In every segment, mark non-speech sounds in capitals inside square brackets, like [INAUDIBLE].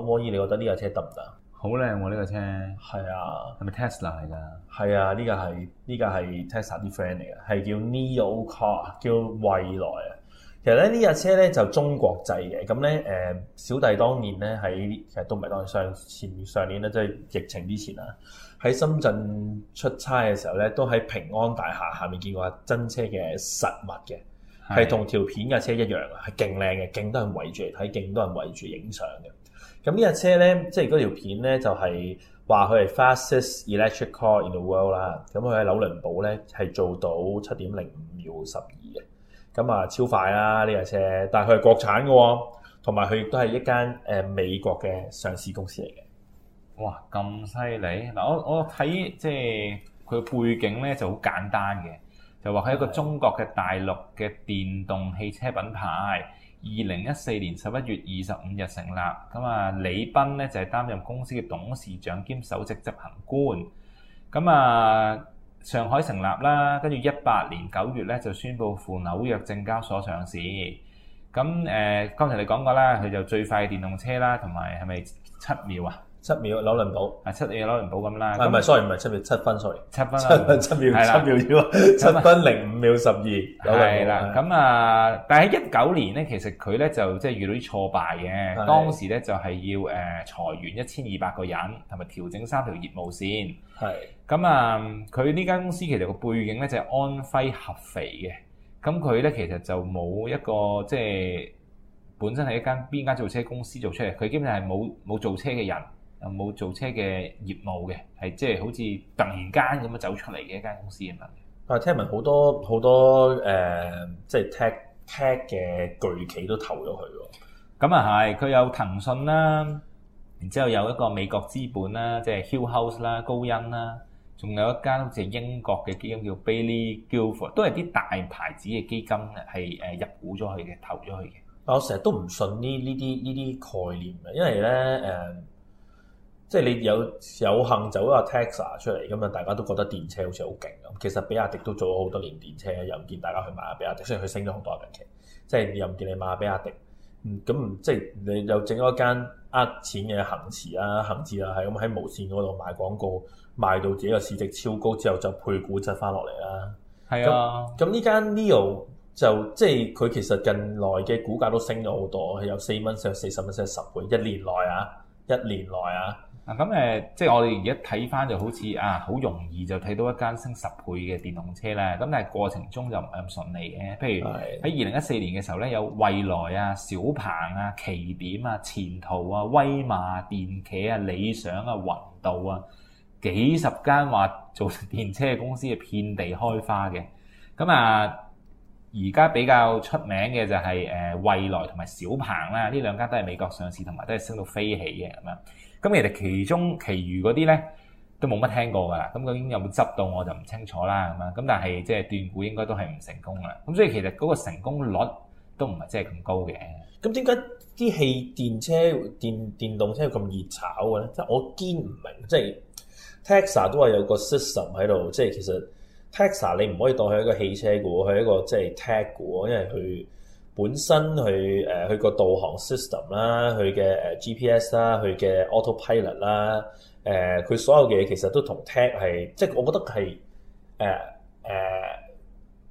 摩爾，你覺得呢架車得唔得？好靚喎！呢架車係啊，係咪 Tesla 嚟㗎？係啊，呢架係呢架係 Tesla 啲 friend 嚟嘅，係、啊這個這個、叫 NIO Car，叫蔚來啊。其實咧呢架、這個、車咧就是、中國製嘅，咁咧誒小弟當年咧喺其實都唔係當年上前上年咧，即、就、係、是、疫情之前啊，喺深圳出差嘅時候咧，都喺平安大廈下面見過真車嘅實物嘅，係同的條片架車一樣啊，係勁靚嘅，勁多人圍住嚟睇，勁多人圍住影相嘅。咁呢架車咧，即係嗰條片咧，就係話佢係 fastest electric car in the world 啦。咁佢喺紐倫堡咧，係做到七點零五秒十二嘅。咁啊，超快啦呢架車！但係佢係國產嘅喎，同埋佢亦都係一間誒美國嘅上市公司嚟嘅。哇，咁犀利！嗱，我我睇即係佢背景咧就好簡單嘅，就話係一個中國嘅大陸嘅電動汽車品牌。二零一四年十一月二十五日成立，咁啊李斌咧就係擔任公司嘅董事長兼首席執行官，咁啊上海成立啦，跟住一八年九月咧就宣布赴紐約證交所上市，咁誒剛才你講過啦，佢就最快嘅電動車啦，同埋係咪七秒啊？七秒紐倫堡，啊七秒紐倫堡咁啦，唔係，sorry，唔係七秒七分 sorry，七分七分七秒七秒係啦，七分零五秒十二紐倫堡。咁啊，但喺一九年咧，其實佢咧就即係遇到啲挫敗嘅，當時咧就係要誒裁員一千二百個人，同埋調整三條業務線。係咁啊，佢呢間公司其實個背景咧就係安徽合肥嘅，咁佢咧其實就冇一個即係本身係一間邊間造車公司做出嚟，佢基本上係冇冇造車嘅人。有冇做車嘅業務嘅？係即係好似突然間咁樣走出嚟嘅一間公司啊嘛。啊，聽聞好多好多誒，即係 tech tech 嘅巨企都投咗佢喎。咁啊係，佢有騰訊啦，然之後有一個美國資本啦，即係 Hill House 啦、高鑫啦，仲有一間好似英國嘅基金叫 Bailey Gilford，都係啲大牌子嘅基金係誒入股咗佢嘅，投咗佢嘅。但我成日都唔信呢呢啲呢啲概念嘅，因為咧誒。呃即係你有有幸走咗個 Tesla 出嚟，咁啊大家都覺得電車好似好勁咁。其實比亞迪都做咗好多年電車，又唔見大家去買吓比亞迪。所以佢升咗好多近期，即係又唔見你買吓比亞迪。咁、嗯、即係你又整咗間呃錢嘅恆馳啊、恆智啊，係咁喺無線嗰度賣廣告，賣到自己嘅市值超高之後就配股質翻落嚟啦。係是啊，咁呢間 NIO 就即係佢其實近來嘅股價都升咗好多，有四蚊升四十蚊升十倍，一年內啊，一年內啊。咁即係我哋而家睇翻就好似啊，好容易就睇到一間升十倍嘅電動車啦。咁但係過程中就唔係咁順利嘅。譬如喺二零一四年嘅時候咧，有蔚來啊、小鵬啊、奇點啊、前途啊、威馬電企啊、理想啊、雲道，啊，幾十間話做電車嘅公司係遍地開花嘅。咁啊，而家比較出名嘅就係蔚來同埋小鵬啦，呢兩間都係美國上市，同埋都係升到飛起嘅咁樣。咁其實其中其餘嗰啲咧都冇乜聽過噶啦，咁究竟有冇執到我就唔清楚啦，咁咁但係即係斷股應該都係唔成功啦。咁所以其實嗰個成功率都唔係真係咁高嘅。咁點解啲汽電車電電動車咁熱炒嘅咧？即係我堅唔明。即係 Tesla 都係有個 system 喺度，即係其實 Tesla 你唔可以當係一個汽車股，係一個即係 tech 股，因為佢。本身佢誒佢個導航 system 啦，佢嘅 GPS 啦，佢嘅 autopilot 啦，誒佢所有嘅嘢其實都同 t a c 係，即係我覺得係誒、呃呃、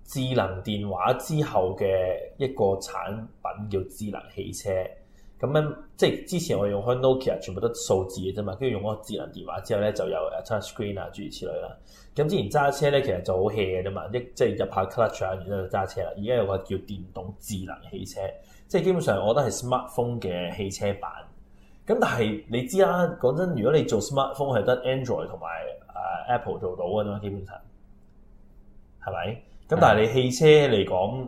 智能電話之後嘅一個產品叫智能汽車。咁樣即係之前我哋用開 Nokia、ok、全部都數字嘅啫嘛，跟住用嗰個智能電話之後咧，就有 touch screen 啊諸如此類啦。咁之前揸車咧，其實就好 hea 嘅啫嘛，即係入下 clutch 啊，然之後就揸車啦。而家有個叫電動智能汽車，即係基本上我覺得係 smartphone 嘅汽車版。咁但係你知啦，講真，如果你做 smartphone 係得 Android 同埋 Apple 做到嘅嘛，基本上係咪？咁、嗯、但係你汽車嚟講。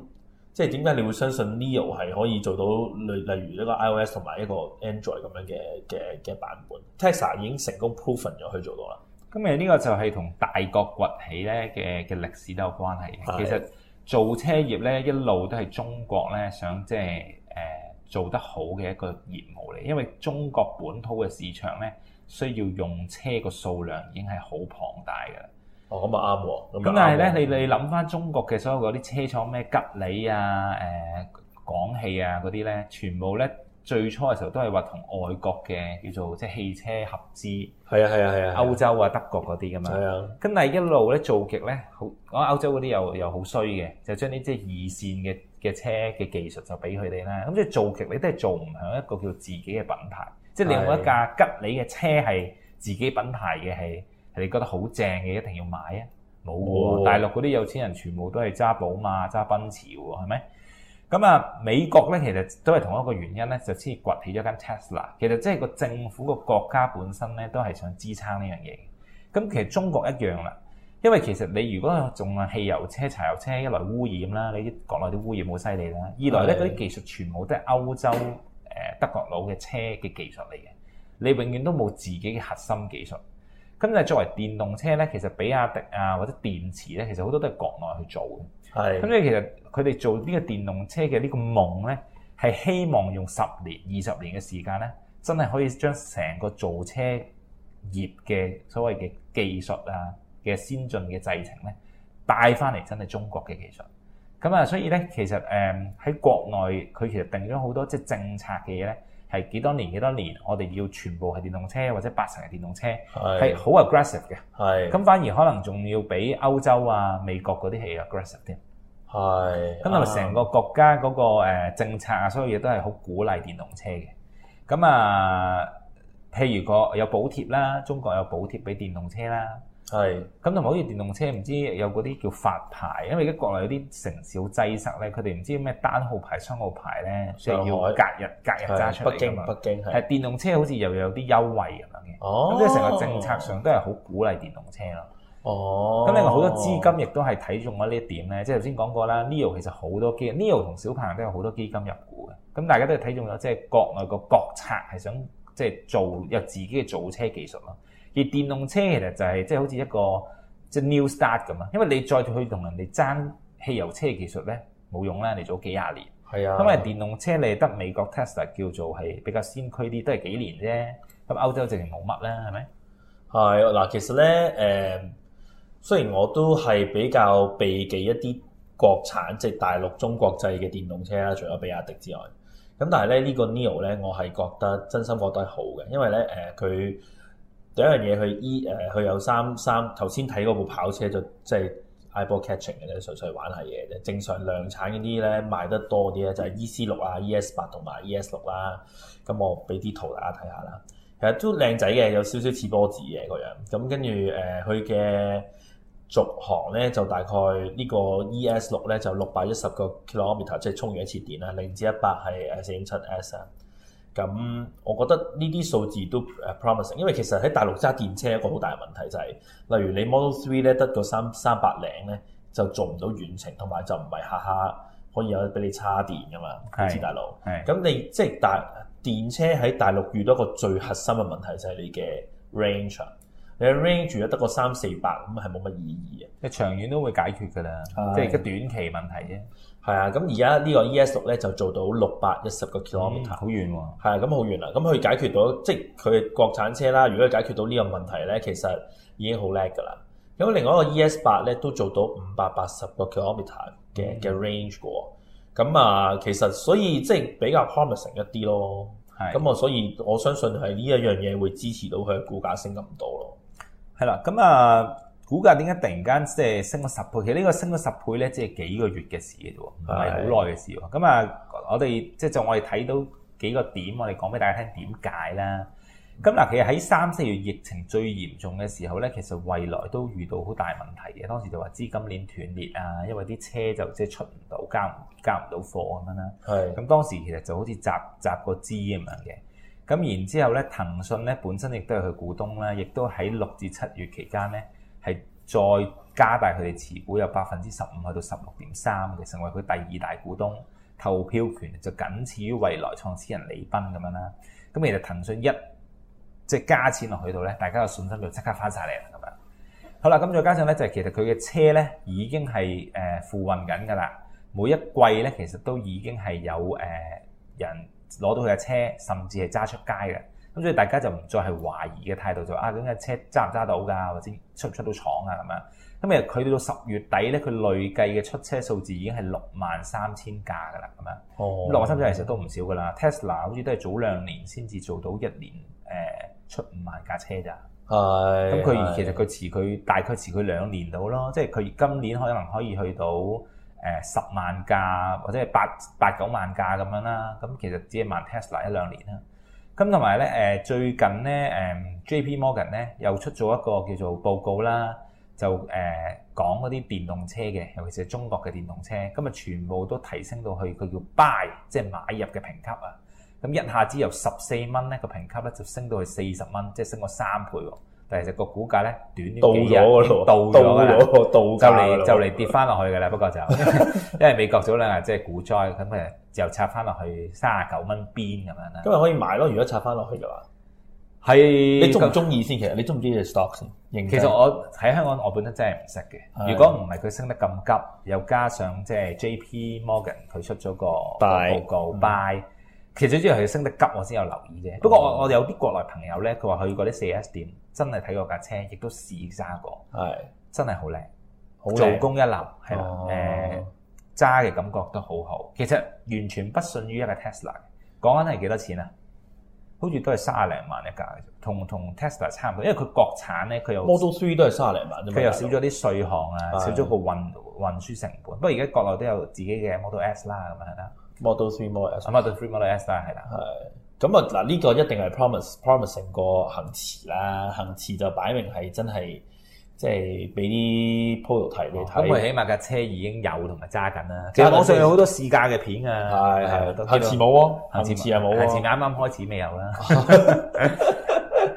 即係點解你會相信 NIO 係可以做到類例如呢個 iOS 同埋一個,個 Android 咁樣嘅嘅嘅版本？Tesla 已經成功 proven 咗佢做到啦。咁誒呢個就係同大國崛起咧嘅嘅歷史都有關係嘅。其實做車業咧一路都係中國咧想即係誒做得好嘅一個業務嚟，因為中國本土嘅市場咧需要用車個數量已經係好龐大嘅。哦，咁啊啱喎。咁但係咧，你你諗翻中國嘅所有嗰啲車廠咩吉利啊、誒廣汽啊嗰啲咧，全部咧最初嘅時候都係話同外國嘅叫做即係汽車合資。係啊係啊係啊。歐洲啊德國嗰啲咁樣。係啊。咁但係一路咧造極咧，好講歐洲嗰啲又又好衰嘅，就將啲即係二線嘅嘅車嘅技術就俾佢哋啦。咁即係造極，你都係做唔響一個叫自己嘅品牌，即係另外一架吉利嘅車係自己品牌嘅係。你覺得好正嘅，一定要買啊！冇、哦、大陸嗰啲有錢人全部都係揸寶馬、揸奔馳喎，係咪？咁啊，美國咧其實都係同一個原因咧，就先崛起咗間 Tesla。其實即係個政府、個國家本身咧，都係想支撐呢樣嘢。咁其實中國一樣啦，因為其實你如果仲係汽油車、柴油車，一來污染啦，你啲國內啲污染好犀利啦；二來咧嗰啲技術全部都係歐洲、誒德國佬嘅車嘅技術嚟嘅，你永遠都冇自己嘅核心技術。咁就作為電動車咧，其實比亞迪啊，或者電池咧，其實好多都係國內去做嘅。係是，咁所以其實佢哋做呢個電動車嘅呢個夢咧，係希望用十年、二十年嘅時間咧，真係可以將成個造車業嘅所謂嘅技術啊嘅先進嘅製程咧，帶翻嚟真係中國嘅技術。咁啊，所以咧，其實誒喺國內佢其實定咗好多即係政策嘅嘢咧。係幾多年幾多年，我哋要全部係電動車或者八成係電動車，係好 aggressive 嘅。咁是反而可能仲要比歐洲啊、美國嗰啲係 aggressive 添。係。咁同埋成個國家嗰個誒政策啊，所有嘢都係好鼓勵電動車嘅。咁啊，譬如個有補貼啦，中國有補貼俾電動車啦。係，咁同埋好似電動車，唔知有嗰啲叫發牌，因為而家國內有啲城市好擠塞咧，佢哋唔知咩單號牌、雙號牌咧，即係要隔日、隔日揸出嚟。北京、北京係電動車，好似又有啲優惠咁樣嘅。哦，咁即係成個政策上都係好鼓勵電動車咯。哦，咁另外好多資金亦都係睇中咗呢一點咧。哦，即係頭先講過啦，NIO 其實好多基，NIO 同小鵬都有好多基金入股嘅。咁大家都係睇中咗，即係國內個國策係想即係做有自己嘅造車技術咯。而電動車其實就係即係好似一個即係 new start 咁啊，因為你再去同人哋爭汽油車技術咧，冇用啦，你做幾廿年。係啊，因為電動車你得美國 Tesla 叫做係比較先驅啲，都係幾年啫。咁歐洲直情冇乜啦，係咪？係嗱，其實咧誒，雖然我都係比較避忌一啲國產即係大陸中國製嘅電動車啦，除咗比亞迪之外，咁但係咧呢個 nio 咧，我係覺得真心覺得係好嘅，因為咧誒佢。第一樣嘢佢 E 誒佢有三三頭先睇嗰部跑車就即係 eye ball catching 嘅咧，純粹玩下嘢啫。正常量產嗰啲咧賣得多啲咧就係、是、E C 六啊、E S 八同埋 E S 六啦。咁我俾啲圖大家睇下啦。其實都靚仔嘅，有少少似波子嘅個樣。咁跟住誒佢嘅續航咧就大概呢個 E S 六咧就六百一十個 kilometer，即係充完一次電啦，零至一百係四點七 S 啊。咁，我覺得呢啲數字都 promising，因為其實喺大陸揸電車一個好大嘅問題就係、是，例如你 Model Three 咧得個三三百零咧，就做唔到遠程，同埋就唔係下下可以有俾你叉電噶嘛，喺是 大陸。咁是 你即係大電車喺大陸遇到一個最核心嘅問題就係你嘅 range。你 range 住得個三四百咁係冇乜意義嘅。即係長遠都會解決㗎啦，即係個短期問題啫。係啊，咁而家呢個 E S 六咧就做到六百一十個 kilometer，好遠喎！係啊、哦，咁好遠啦。咁佢解決到即係佢國產車啦。如果解決到呢個問題咧，其實已經好叻㗎啦。咁另外一個 E S 八咧都做到五百八十個 kilometer 嘅嘅 range 個。咁啊、嗯哼，其實所以即係比較 promising 一啲咯。係咁啊，所以我相信係呢一樣嘢會支持到佢股價升咁多咯。係啦，咁啊，股價點解突然間即係升咗十倍？其實呢個升咗十倍咧，即係幾個月嘅事嘅啫喎，唔係好耐嘅事喎。咁啊是的，我哋即係就係、我哋睇到幾個點，我哋講俾大家聽點解啦。咁嗱，其實喺三四月疫情最嚴重嘅時候咧，其實蔚來都遇到好大問題嘅。當時就話資金鏈斷裂啊，因為啲車就即係出唔到交唔交唔到貨咁樣啦。咁是的 當時其實就好似集集個資咁樣嘅。咁然之後咧，騰訊咧本身亦都係佢股東啦，亦都喺六至七月期間咧，係再加大佢哋持股有，由百分之十五去到十六點三嘅，成為佢第二大股東，投票權就僅次於蔚來創始人李斌咁樣啦。咁其實騰訊一即係、就是、加錢落去到咧，大家嘅信心就即刻翻晒嚟啦咁樣好啦，咁再加上咧就係、是、其實佢嘅車咧已經係誒付運緊㗎啦，每一季咧其實都已經係有誒人。攞到佢嘅車，甚至係揸出街嘅，咁所以大家就唔再係懷疑嘅態度，就啊，咁架車揸唔揸到㗎，或者出唔出到廠啊咁樣。咁咪佢到十月底咧，佢累計嘅出車數字已經係六萬三千架㗎啦，咁樣。心哦。咁六萬三千其實都唔少㗎啦。Tesla 好似都係早兩年先至做到一年誒、呃、出五萬架車咋。係。咁佢其實佢遲佢大概遲佢兩年到咯，即係佢今年可能可以去到。誒，十萬架或者係八八九萬架咁樣啦，咁其實只係買 Tesla 一兩年啦。咁同埋咧，誒最近咧誒 JP Morgan 咧又出咗一個叫做報告啦，就誒講嗰啲電動車嘅，尤其是中國嘅電動車，今日全部都提升到去佢叫 Buy，即係買入嘅評級啊。咁一下子由十四蚊咧個評級咧就升到去四十蚊，即係升咗三倍喎。但係就個股價咧，短呢幾日跌到咗啦，就嚟就嚟跌翻落去㗎啦。不過就因為美國早兩日，即係股災，咁佢就插翻落去三十九蚊邊咁樣啦。咁咪可以買咯？如果插翻落去嘅話，係你中唔中意先？其實你中唔中意 stock 先？其實我喺香港，我本身真係唔識嘅。如果唔係佢升得咁急，又加上即係 JP Morgan 佢出咗個報告其實主要係佢升得急，我先有留意啫。不過我我有啲國內朋友咧，佢話去過啲四 S 店，真係睇過架車，亦都試揸過，是真係好靚，做工一流，係啦、哦，誒揸嘅感覺都好好。其實完全不遜於一個 Tesla。講緊係幾多錢啊？好似都係三十零萬一架，同同 Tesla 差唔多，因為佢國產咧，佢有 Model Three 都係三十零萬，佢又少咗啲稅項啊，少咗個運的運輸成本。不過而家國內都有自己嘅 Model S 啦，咁啊 Model Three Model S，咁 Model Three Model S 啦，係啦。咁啊，嗱呢個一定係 promising，promising 過恆馳啦。恆馳就擺明係真係，即係俾啲 prototype 嚟睇。咁佢起碼架車已經有同埋揸緊啦。其實網上有好多試駕嘅片啊。係係的，得恆馳冇喎，恆馳冇喎，恆馳啱啱開始未有啦。 [LAUGHS]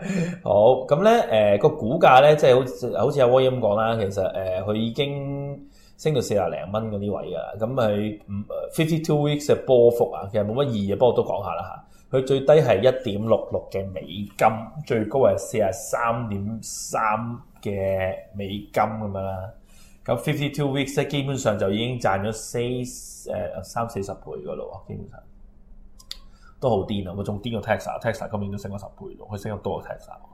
[LAUGHS] 好，咁咧，誒、呃那個股價咧，即係好似好似阿 William 咁講啦，其實誒佢、呃、已經。.升到四廿零蚊嗰啲位啊，咁係五 fifty two weeks 嘅波幅啊，其實冇乜意義，不過都講下啦嚇。佢最低係一點六六嘅美金，最高係四十三點三嘅美金咁樣啦。咁 fifty two weeks 咧，基本上就已經賺咗四誒、呃、三四十倍噶咯，基本上都好癲啊！我仲癲過 Tesla，Tesla 今年都升咗十倍咯，佢升咗多過 Tesla。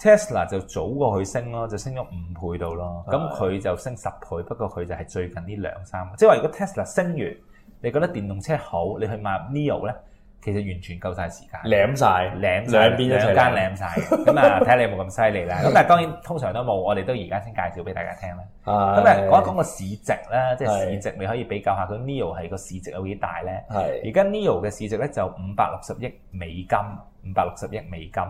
Tesla 就早過去升咯，就升咗五倍到咯。咁佢就升十倍，不過佢就係最近呢兩三個。即係話如果 Tesla 升完，你覺得電動車好，你去買 NIO 咧，其實完全夠晒時間，舐晒，舐兩邊一間舐晒。咁啊，睇下你有冇咁犀利啦。咁但係當然通常都冇，我哋都而家先介紹俾大家聽啦。咁啊，講一講個市值啦，即係市值你可以比較下，佢 NIO 係個市值有幾大咧？而家 NIO 嘅市值咧就五百六十億美金，五百六十億美金。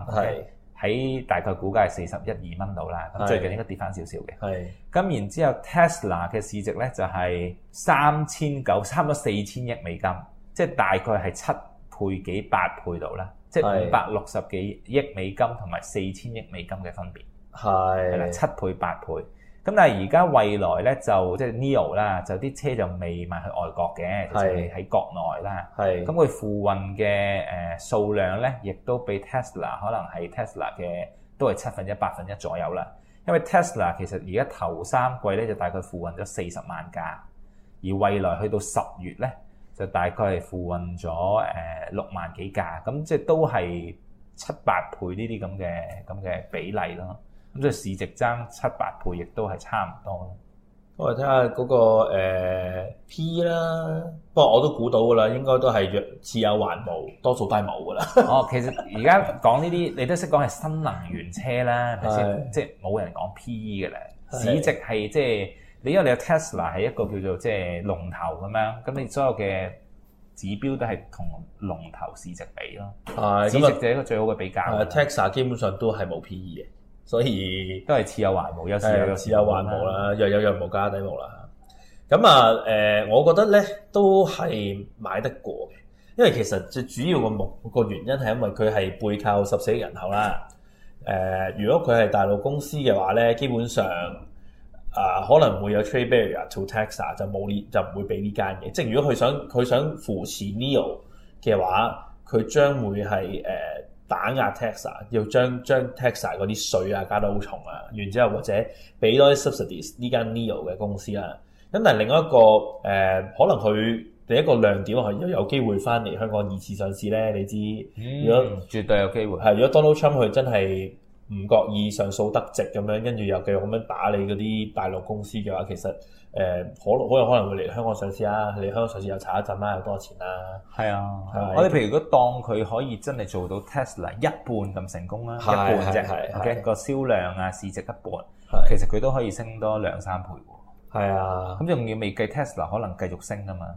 喺大概估計係四十一二蚊到啦，咁最近應該跌翻少少嘅。係，咁然之後 Tesla 嘅市值咧就係三千九差唔多四千億美金，即係大概係七倍是幾八是倍到啦，即係五百六十幾億美金同埋四千億美金嘅分別。係，係啦，七倍八倍。咁但係而家蔚來咧就即係、就是、NIO 啦，就啲車就未賣去外國嘅，是就係喺國內啦。咁佢付運嘅誒數量咧，亦都比 Tesla 可能係 Tesla 嘅都係七分一、八分一左右啦。因為 Tesla 其實而家頭三季咧就大概付運咗四十萬架，而蔚來去到十月咧就大概係付運咗六萬幾架，咁即係都係七八倍呢啲咁嘅咁嘅比例咯。咁即市值爭七八倍，亦都係差唔多啦。我睇下嗰個誒、呃、P 啦，不過我都估到噶啦，應該都係似有還無，多數都係冇噶啦。哦，其實而家講呢啲， [LAUGHS] 你都識講係新能源車啦，係咪先？是即係冇人講 P E 嘅啦，的市值係即係你因為你嘅 Tesla 係一個叫做即係龍頭咁樣，咁你所有嘅指標都係同龍頭市值比咯。係、嗯、市值就係一個最好嘅比較、嗯。Tesla 對、嗯、基本上都係冇 P E 嘅。所以都係似有還無，有此有似有還無啦，若有若無加底無啦。咁啊，誒、呃，我覺得咧都係買得過嘅，因為其實最主要個目個原因係因為佢係背靠十四億人口啦。誒、呃，如果佢係大陸公司嘅話咧，基本上啊、呃、可能會有 trade barrier to taxa 就冇呢就唔會俾呢間嘢。即係如果佢想佢想扶持 NIO 嘅話，佢將會係誒。呃打壓 taxa 要將將 taxa 嗰啲稅啊加到好重啊，完之後或者俾多啲 subsidies 呢間 neo 嘅公司啦、啊。咁但係另一個誒、呃，可能佢第一個亮點係如果有機會翻嚟香港二次上市咧，你知、嗯、如果絕對有機會，係如果 Donald Trump 佢真係。唔覺意上訴得直咁樣，跟住又繼續咁樣打理嗰啲大陸公司嘅話，其實誒、呃、可能、好有可能會嚟香港上市啊！嚟香港上市又炒一陣啦，又多錢啦。係啊，是是我哋譬如果當佢可以真係做到 Tesla 一半咁成功啦，是一半啫，嘅個銷量啊、市值一半，的其實佢都可以升多兩三倍喎。係啊的，咁仲要未計 Tesla 可能繼續升啊嘛。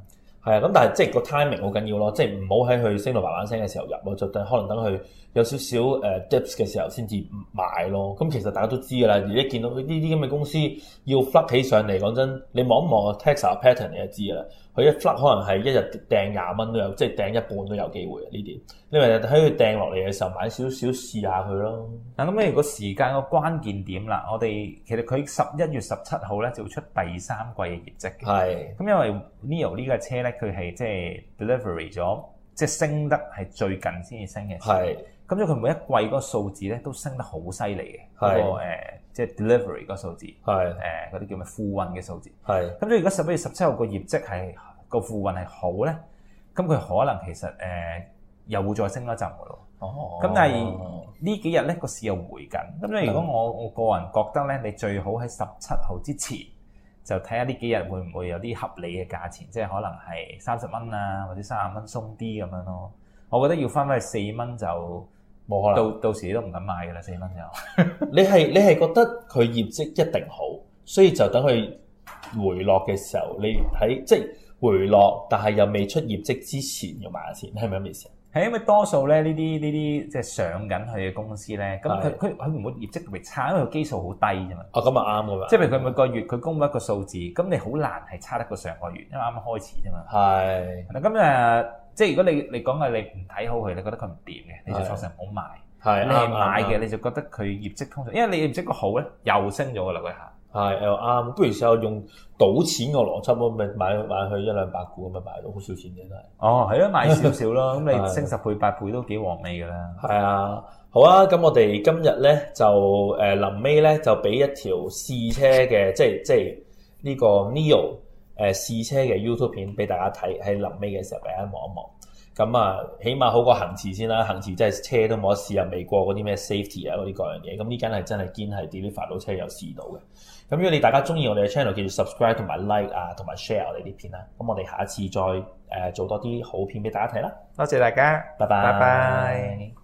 係啊，咁但係即係個 timing 好緊要咯，即係唔好喺佢升到嗙嗙聲嘅時候入咯，就等可能等佢有少少誒 dips 嘅時候先至買咯。咁其實大家都知㗎啦，而家見到呢啲咁嘅公司要 flap 起上嚟，講真，你望一望 Tesla pattern 你就知㗎啦。佢一 flip 可能係一日訂廿蚊都有，即係訂一半都有機會啊！呢啲，你咪喺佢訂落嚟嘅時候買少少試下佢咯。咁咧，如果時間個關鍵點啦，我哋其實佢十一月十七號咧就會出第三季嘅業績。係。咁因為 Neo 呢架車咧，佢係即係 delivery 咗，即係升得係最近先至升嘅。係。咁所以佢每一季嗰個數字咧都升得好犀利嘅，誒即係 delivery 嗰個數字，誒嗰啲叫咩付運嘅數字。咁所以如果十一月十七號個業績係、個付運係好咧，咁佢可能其實誒、呃、又會再升一陣嘅喎。咁、哦、但係呢幾日咧個市又回緊，咁所以如果我我個人覺得咧，你最好喺十七號之前就睇下呢幾日會唔會有啲合理嘅價錢，即係可能係三十蚊啊或者三十蚊鬆啲咁樣咯。我覺得要翻翻去四蚊就冇可能，到到時都唔敢買㗎啦。四蚊就， [LAUGHS] 你係你係覺得佢業績一定好，所以就等佢回落嘅時候，你喺即係回落，但係又未出業績之前要錢，又買下先，係咪咁意思啊？係因為多數咧呢啲呢啲即係上緊去嘅公司咧，咁佢佢佢唔會業績特別差，因為佢基數好低啫嘛。哦，咁啊啱㗎嘛。即係佢每個月佢公佈一個數字，咁你好難係差得過上個月，因為啱啱開始啫嘛。係嗱的，即係如果你你講嘅你唔睇好佢，你覺得佢唔掂嘅，你就索性唔好買。係是，你係買嘅，對對對對你就覺得佢業績通常，因為你業績個好咧，又升咗啦嗰一下。係啱，不如試下用賭錢個邏輯，咪買買佢一兩百股，咪買到好少錢嘅都係。哦，係咯，買少少咯，咁 [LAUGHS] 你升十倍八倍都幾皇味㗎啦。係啊，好啊，咁我哋今日咧就誒臨尾咧就俾一條試車嘅，即係即係呢個 Nio。誒試車嘅 YouTube 片俾大家睇，喺臨尾嘅時候俾大家望一望。咁啊，起碼好過恆馳先啦，恆馳即係車都冇得試啊，未過嗰啲咩 safety 啊，嗰啲各樣嘢。咁呢間係真係堅係 deliver 到車有試到嘅。咁如果你大家中意我哋嘅 channel，記得 subscribe 同埋 like 啊，同埋 share 我哋啲片啦。咁我哋下一次再誒、呃、做多啲好片俾大家睇啦。多謝大家，拜拜 bye。Bye bye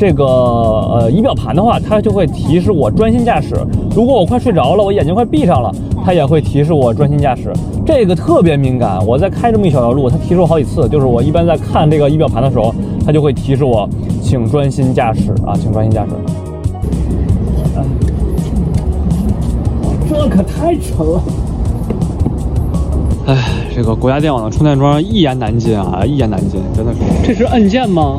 這個呃儀表盤的話，它就會提示我專心駕駛。如果我快睡着了，我眼睛快閉上了，它也會提示我專心駕駛。這個特別敏感，我在開這麼一小條路，它提示我好幾次。就是我一般在看這個儀表盤的時候，它就會提示我，請專心駕駛啊，請專心駕駛。哎，這可太沉了。哎，這個國家電網的充電樁一言難盡啊，一言難盡，真的是。這是按鍵嗎？